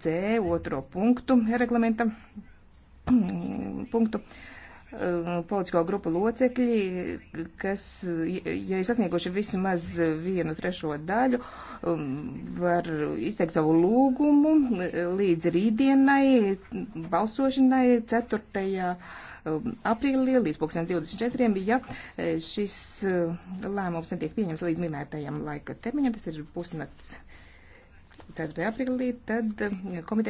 C otro punktu reglamenta punktu uh, politisko grupu locekļi, kas, ja ir sasnieguši vismaz vienu trešo daļu, um, var izteikt savu lūgumu līdz rītdienai, balsošanai 4. Um, aprīlī līdz 2024. Ja uh, šis uh, lēmums netiek pieņems līdz minētajam laika termiņam, tas ir pusnakts 4. aprīlī, tad eh, komiteja.